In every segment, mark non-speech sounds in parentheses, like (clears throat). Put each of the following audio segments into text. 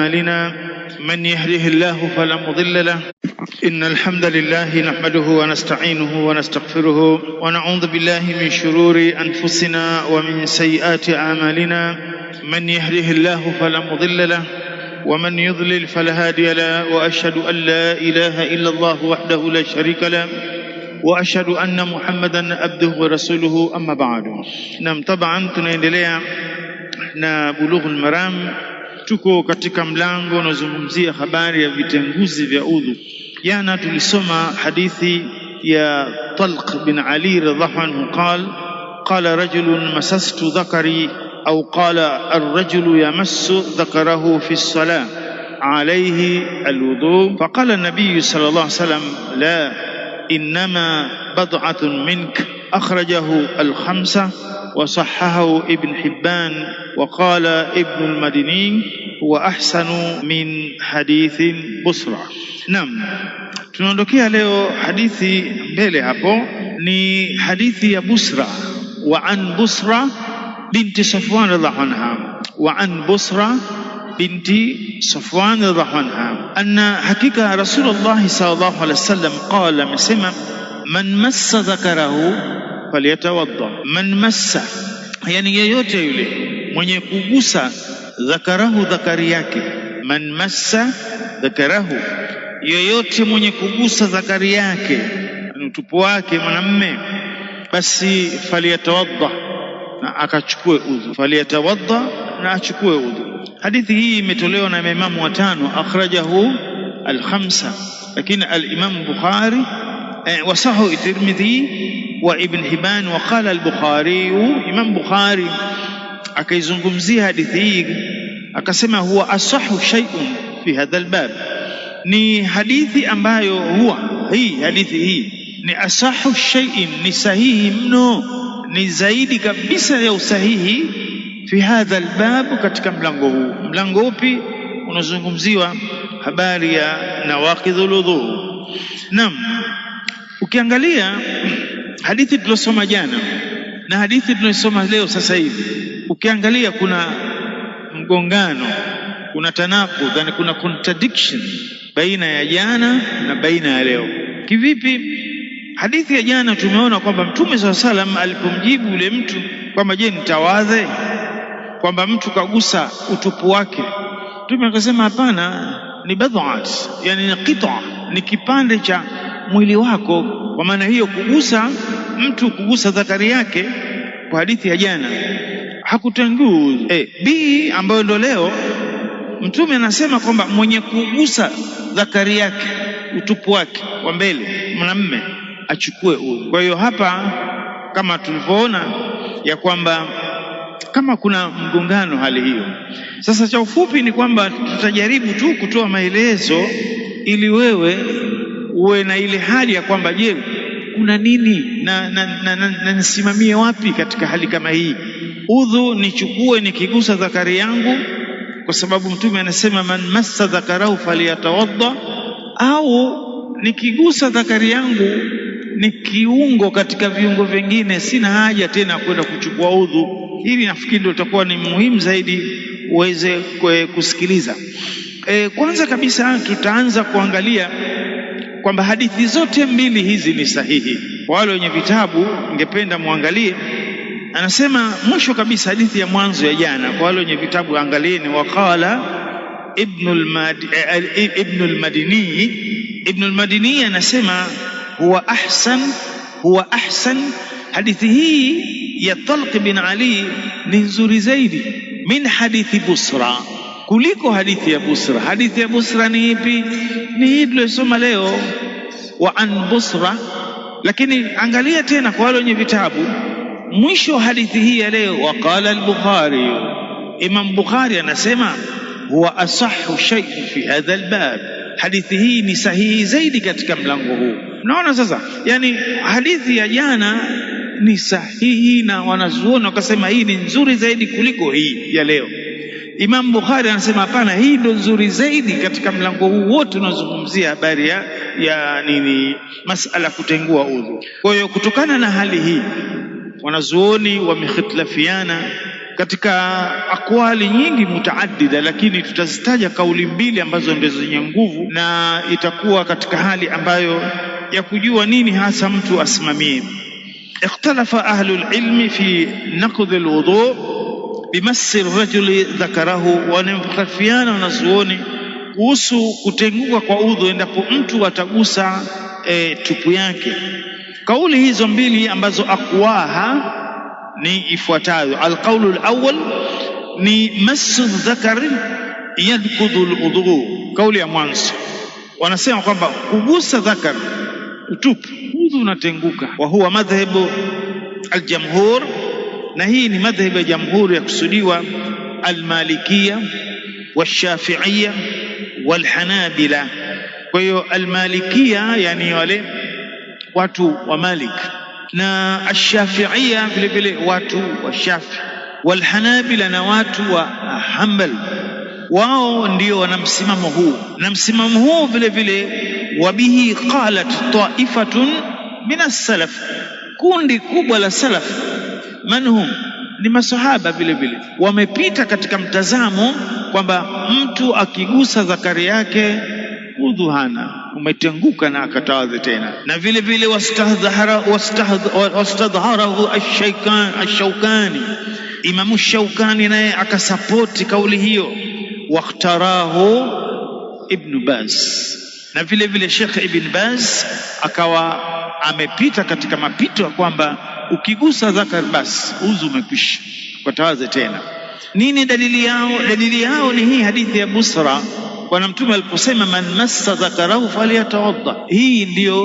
أعمالنا من يهده الله فلا مضل له إن الحمد لله نحمده ونستعينه ونستغفره ونعوذ بالله من شرور أنفسنا ومن سيئات أعمالنا من يهده الله فلا مضل له ومن يضلل فلا هادي له وأشهد أن لا إله إلا الله وحده لا شريك له وأشهد أن محمدا عبده ورسوله أما بعد نعم طبعا تنين na bulugh بلوغ المرام Tuko katika mlango unaozungumzia habari ya vitenguzi vya udhu. Jana tulisoma hadithi ya Talq bin Ali radhiallahu anhu, qal qala rajulun masastu dhakari au qala arrajulu yamassu dhakarahu fi salah alayhi alwudu faqala nabiyu sallallahu alayhi wasallam la innama bad'atun mink akhrajahu alkhamsa وصححه ابن حبان وقال ابن المديني هو أحسن من حديث بصرى نعم تنوندوكيها ليو حديثي بيلي هابو ني حديثي بصرة وعن بصرى بنت صفوان رضي الله عنها وعن بصرى بنت صفوان رضي الله عنها أن حقيقة رسول الله صلى الله عليه وسلم قال مسمى من مس ذكره falyatawadda. Man massa, yani yeyote yule mwenye kugusa dhakarahu, dhakari yake. Man massa dhakarahu, yeyote mwenye kugusa dhakari yake, utupu wake mwanamme, basi falyatawadda, na akachukue udhu. Falyatawadda, na achukue udhu. Hadithi hii imetolewa na maimamu watano, akhrajahu alkhamsa, lakini alimamu Bukhari eh, wasahu Tirmidhi wa Ibn Hibban wa qala al-Bukhari, Imam Bukhari akaizungumzia hadithi hii akasema, huwa asahu shay'un fi hadha al-bab, ni hadithi ambayo huwa hii hadithi hii ni asahu shay'in, ni sahihi mno, ni zaidi kabisa ya usahihi fi hadha al-bab, katika mlango huu. Mlango upi? Unazungumziwa habari ya nawaqidhul wudhu. Naam, ukiangalia Hadithi tulosoma jana na hadithi tunaosoma leo sasa hivi, ukiangalia kuna mgongano, kuna tanakudh, yani kuna contradiction baina ya jana na baina ya leo. Kivipi? Hadithi ya jana tumeona kwamba Mtume saa salam alipomjibu yule mtu kwamba je, nitawadhe, kwamba mtu kagusa utupu wake, Mtume akasema hapana, ni badhat, yani ni qita, ni kipande cha mwili wako. Kwa maana hiyo, kugusa mtu kugusa zakari yake kwa hadithi ya jana hakutanguzi eh, b ambayo ndo leo Mtume anasema kwamba mwenye kugusa zakari yake utupu wake wa mbele mwanamume achukue huyu. Kwa hiyo hapa kama tulivyoona ya kwamba kama kuna mgongano hali hiyo. Sasa cha ufupi ni kwamba tutajaribu tu kutoa maelezo ili wewe uwe na ile hali ya kwamba je, kuna nini na, na, na, na, na nisimamie wapi katika hali kama hii? Udhu nichukue nikigusa dhakari yangu, kwa sababu Mtume anasema man massa dhakarahu falyatawadda, au nikigusa dhakari yangu ni kiungo katika viungo vingine, sina haja tena kwenda kuchukua udhu. Hili nafikiri ndio itakuwa ni muhimu zaidi uweze kusikiliza. E, kwanza kabisa tutaanza kuangalia kwamba hadithi zote mbili hizi ni sahihi. Kwa wale wenye vitabu, ningependa muangalie. Anasema mwisho kabisa, hadithi ya mwanzo ya jana, kwa wale wenye vitabu angalieni. Waqala eh, eh, Ibnul Madini, Ibnul Madini anasema huwa ahsan, huwa ahsan. Hadithi hii ya Talq bin Ali ni nzuri zaidi min hadithi Busra, kuliko hadithi ya Busra. Hadithi ya Busra ni ipi? ni hii tuliyosoma leo wa an busra. Lakini angalia tena kwa wale wenye vitabu, mwisho wa hadithi hii ya leo, waqala al-Bukhari, Imam Bukhari anasema huwa asahhu shay'in fi hadha al-bab, hadithi hii ni sahihi zaidi katika mlango huu. Naona sasa, yani hadithi ya jana ni sahihi na wanazuoni wakasema hii ni nzuri zaidi kuliko hii ya leo. Imam Bukhari anasema hapana, hii ndio nzuri zaidi katika mlango huu wote unaozungumzia habari ya, ya nini, masala kutengua udhu. Kwa hiyo kutokana na hali hii wanazuoni wamekhitilafiana katika akwali nyingi mutaadida lakini tutazitaja kauli mbili ambazo ndio zenye nguvu, na itakuwa katika hali ambayo ya kujua nini hasa mtu asimamie. Ikhtalafa ahlul ilmi fi naqdhi lwudhu bimasi rajuli dhakarahu, wamemkhalifiana wanazuoni kuhusu kutenguka kwa udhu endapo mtu atagusa e, tupu yake. Kauli hizo mbili ambazo akwaha ni ifuatayo: alqaulu alawwal ni masu dhakari yadkudhu aludhu. kauli ya mwanzo wanasema kwamba kugusa dhakar utupu udhu unatenguka, wa huwa madhhabu aljamhur na hii ni madhhabu ya jamhuri ya kusudiwa almalikia washafiia walhanabila. Kwa hiyo almalikia, yani wale watu wa Malik na ashafiia vilevile watu wa Shafi, walhanabila na watu wa hambal wao ndio wana msimamo huu na msimamo huu vile vile wabihi qalat taifatun min assalaf, kundi kubwa la salaf manhum ni masahaba vile vile, wamepita katika mtazamo kwamba mtu akigusa zakari yake udhuhana umetenguka na akatawaze tena. Na vile vile wastadharahu Ashaukani, Imamu Shaukani naye akasapoti kauli hiyo, wakhtarahu Ibnu Baz na vile vile Shekh Ibn Baz akawa amepita katika mapito ya kwamba ukigusa dhakar basi udhu umekwisha, ukatawaze tena. Nini dalili yao? Dalili yao ni hii hadithi ya Busra, Bwana Mtume aliposema man massa dhakarahu falyatawadda. Hii ndiyo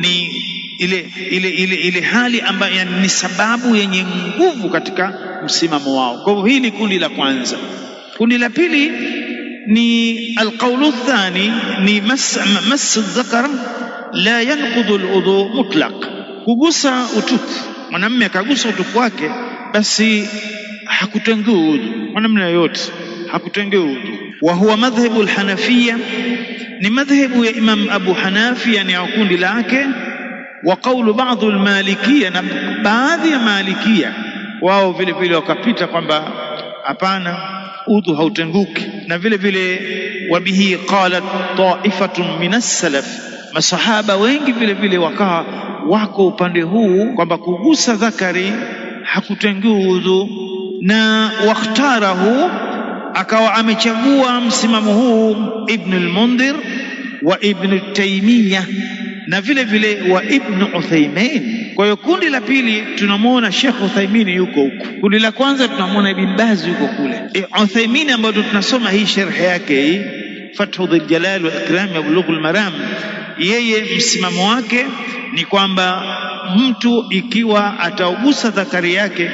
ni ile, ile, ile, ile hali ambayo ni sababu yenye nguvu katika msimamo wao. Kwa hivyo hii ni kundi la kwanza. Kundi la pili ni alqaulu thani, ni mas dhakar la yanqudhu ludhu mutlaq, kugusa utupu mwanamme akagusa utupu wake, basi hakutengui udhu, mwanamme yoyote hakutengui udhu. Wa huwa madhhabu lhanafiya ni madhhabu ya Imam Abu Hanafi, ni ya kundi lake. Wa qaulu baadhi lmalikia na baadhi ya malikia wao vile vile wakapita kwamba hapana, udhu hautenguki. Na vile vile wabihi qalat taifatun min as masahaba wengi vile vile wakawa wako upande huu kwamba kugusa zakari hakutengi udhu, na wakhtarahu akawa amechagua msimamo huu Ibn al-Mundhir wa Ibn Taymiyyah na vile vile wa Ibn Uthaymeen. Kwa hiyo kundi la pili tunamwona Sheikh Uthaymeen yuko huko, kundi la kwanza tunamwona Ibn Baz yuko kule. E, eh, Uthaymeen ambayo tunasoma hii sharh yake hii Fathu Dhil Jalal wa Ikram ya Bulughul Maram yeye msimamo wake ni kwamba mtu ikiwa ataugusa dhakari yake,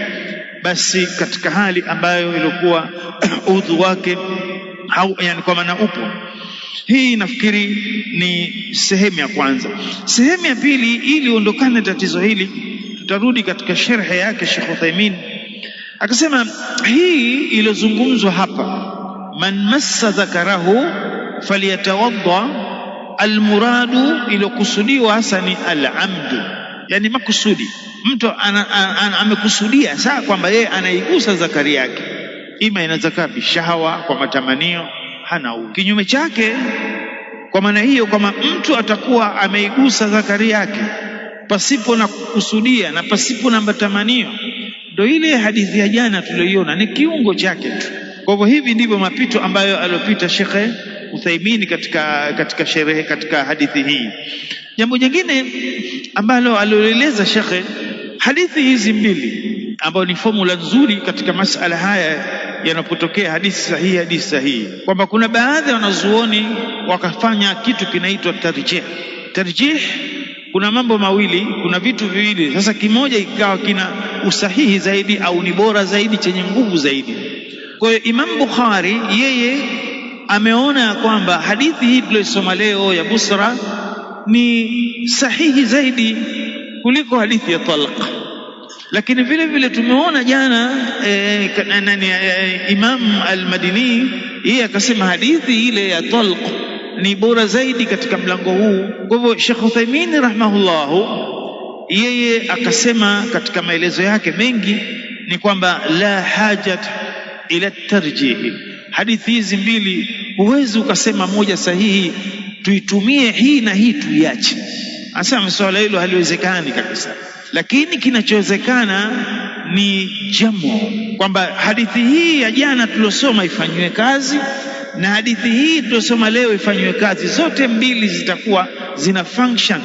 basi katika hali ambayo ilikuwa (clears throat) udhu wake au yani kwa maana upo. Hii nafikiri ni sehemu ya kwanza. Sehemu ya pili, ili uondokane tatizo hili, tutarudi katika sherhe yake Sheikh Uthaymeen akasema, hii iliyozungumzwa hapa, man massa dhakarahu falyatawadda almuradu iliyokusudiwa hasa ni alamdu, yani makusudi. Mtu amekusudia saa kwamba yeye anaigusa zakari yake, ima ina zakaa bishahawa, kwa matamanio, hana u kinyume chake. Kwa maana hiyo, kama mtu atakuwa ameigusa zakari yake pasipo na kukusudia na pasipo na matamanio, ndio ile hadithi ya jana tuliyoiona, ni kiungo chake tu. Kwa hivyo, hivi ndivyo mapito ambayo aliyopita shekhe Uthaimini katika, katika sherehe katika hadithi hii. Jambo jingine ambalo alieleza shekhe, hadithi hizi mbili ambayo ni fomula nzuri katika masala haya yanapotokea hadithi sahihi, hadithi sahihi, kwamba kuna baadhi ya wanazuoni wakafanya kitu kinaitwa tarjih. Tarjih, kuna mambo mawili, kuna vitu viwili. Sasa kimoja ikawa kina usahihi zaidi au ni bora zaidi, chenye nguvu zaidi. Kwa hiyo Imam Bukhari yeye ameona ya kwamba hadithi hii tuliyoisoma leo ya Busra ni sahihi zaidi kuliko hadithi ya talq. Lakini vile vile tumeona jana e, e, Imam al-Madini yeye akasema hadithi ile ya talq ni bora zaidi katika mlango huu. Kwa hivyo Sheikh Uthaymeen rahimahullahu yeye akasema katika maelezo yake mengi ni kwamba la hajat ila tarjihi Hadithi hizi mbili huwezi ukasema moja sahihi, tuitumie hii na hii tuiache. Anasema swala hilo haliwezekani kabisa, lakini kinachowezekana ni jamu, kwamba hadithi hii ya jana tuliosoma ifanyiwe kazi na hadithi hii tuliosoma leo ifanyiwe kazi, zote mbili zitakuwa zina function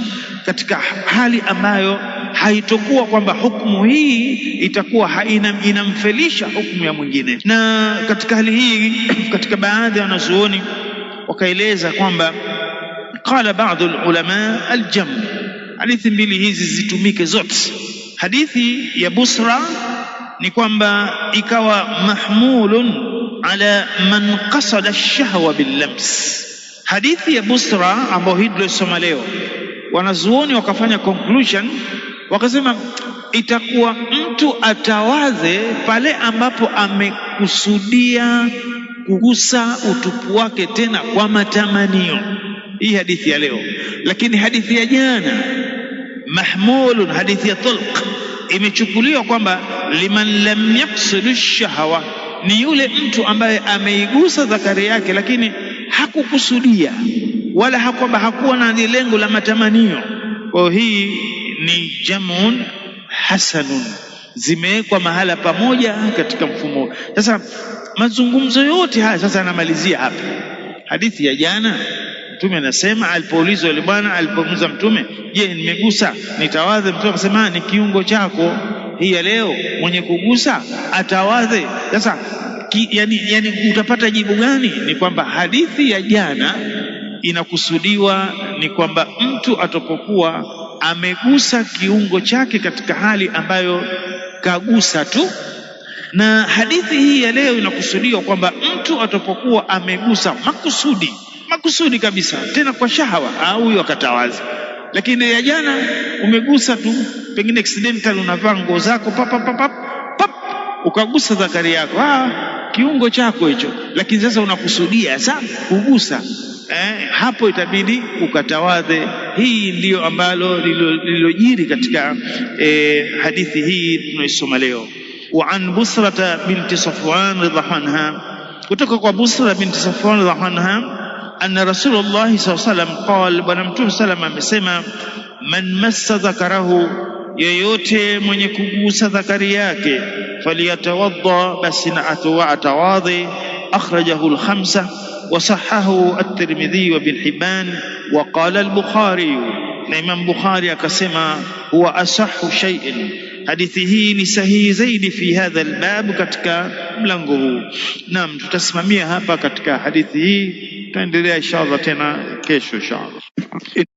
katika hali ambayo haitokuwa kwamba hukumu hii itakuwa haina inamfelisha hukumu ya mwingine. Na katika hali hii, (clears throat) katika baadhi ya wanazuoni wakaeleza kwamba qala baadhi ulama aljam hadithi mbili hizi zitumike zote. Hadithi ya Busra ni kwamba ikawa mahmulun ala man qasada ash-shahwa billams. Hadithi ya Busra ambayo hii tuliosoma leo, wanazuoni wakafanya conclusion Wakasema itakuwa mtu atawaze pale ambapo amekusudia kugusa utupu wake tena kwa matamanio. Hii hadithi ya leo, lakini hadithi ya jana mahmulun, hadithi ya Tulq imechukuliwa kwamba liman lam yaksudu shahawa, ni yule mtu ambaye ameigusa zakari yake, lakini hakukusudia wala hakuwa hakuwa na lengo la matamanio. Kwa hiyo hii ni jamun hasanun, zimewekwa mahala pamoja katika mfumo. Sasa mazungumzo yote haya sasa anamalizia hapa. Hadithi ya jana Mtume anasema alipoulizwa yule bwana, alipomuuliza Mtume, je, nimegusa nitawadhe? Mtume akasema ah, ni kiungo chako. Hii ya leo mwenye kugusa atawadhe. Sasa yani, yani utapata jibu gani? Ni kwamba hadithi ya jana inakusudiwa ni kwamba mtu atapokuwa amegusa kiungo chake katika hali ambayo kagusa tu. Na hadithi hii ya leo inakusudiwa kwamba mtu atakapokuwa amegusa makusudi makusudi kabisa, tena kwa shahawa, au huyo akatawaza. Lakini ya jana umegusa tu, pengine accidental, unavaa nguo zako pap, pap, pap, pap, ukagusa zakari yako, ah, kiungo chako hicho, lakini sasa unakusudia sasa kugusa eh, hapo itabidi ukatawadhe. Hii ndiyo ambalo lililojiri katika eh, hadithi hii tunaisoma leo. Wa an Busrata binti Safwan radhiallahu anha, kutoka kwa Busra binti Safwan radhiallahu anha anna Rasulullah sallallahu alaihi wasallam qala, Bwana Mtume sallam amesema, man massa dhakarahu, yeyote mwenye kugusa dhakari yake, falyatawadda, basi na atawadhi. Akhrajahu al وصححه الترمذي وابن حبان وقال البخاري الإمام نعم، بخاري كسما هو أصح شيء حديثه نسهي زيد في هذا الباب كتك ملنغه نعم تسمى ميها كتك حديثه تندري إن شاء الله تنا كيش إن شاء الله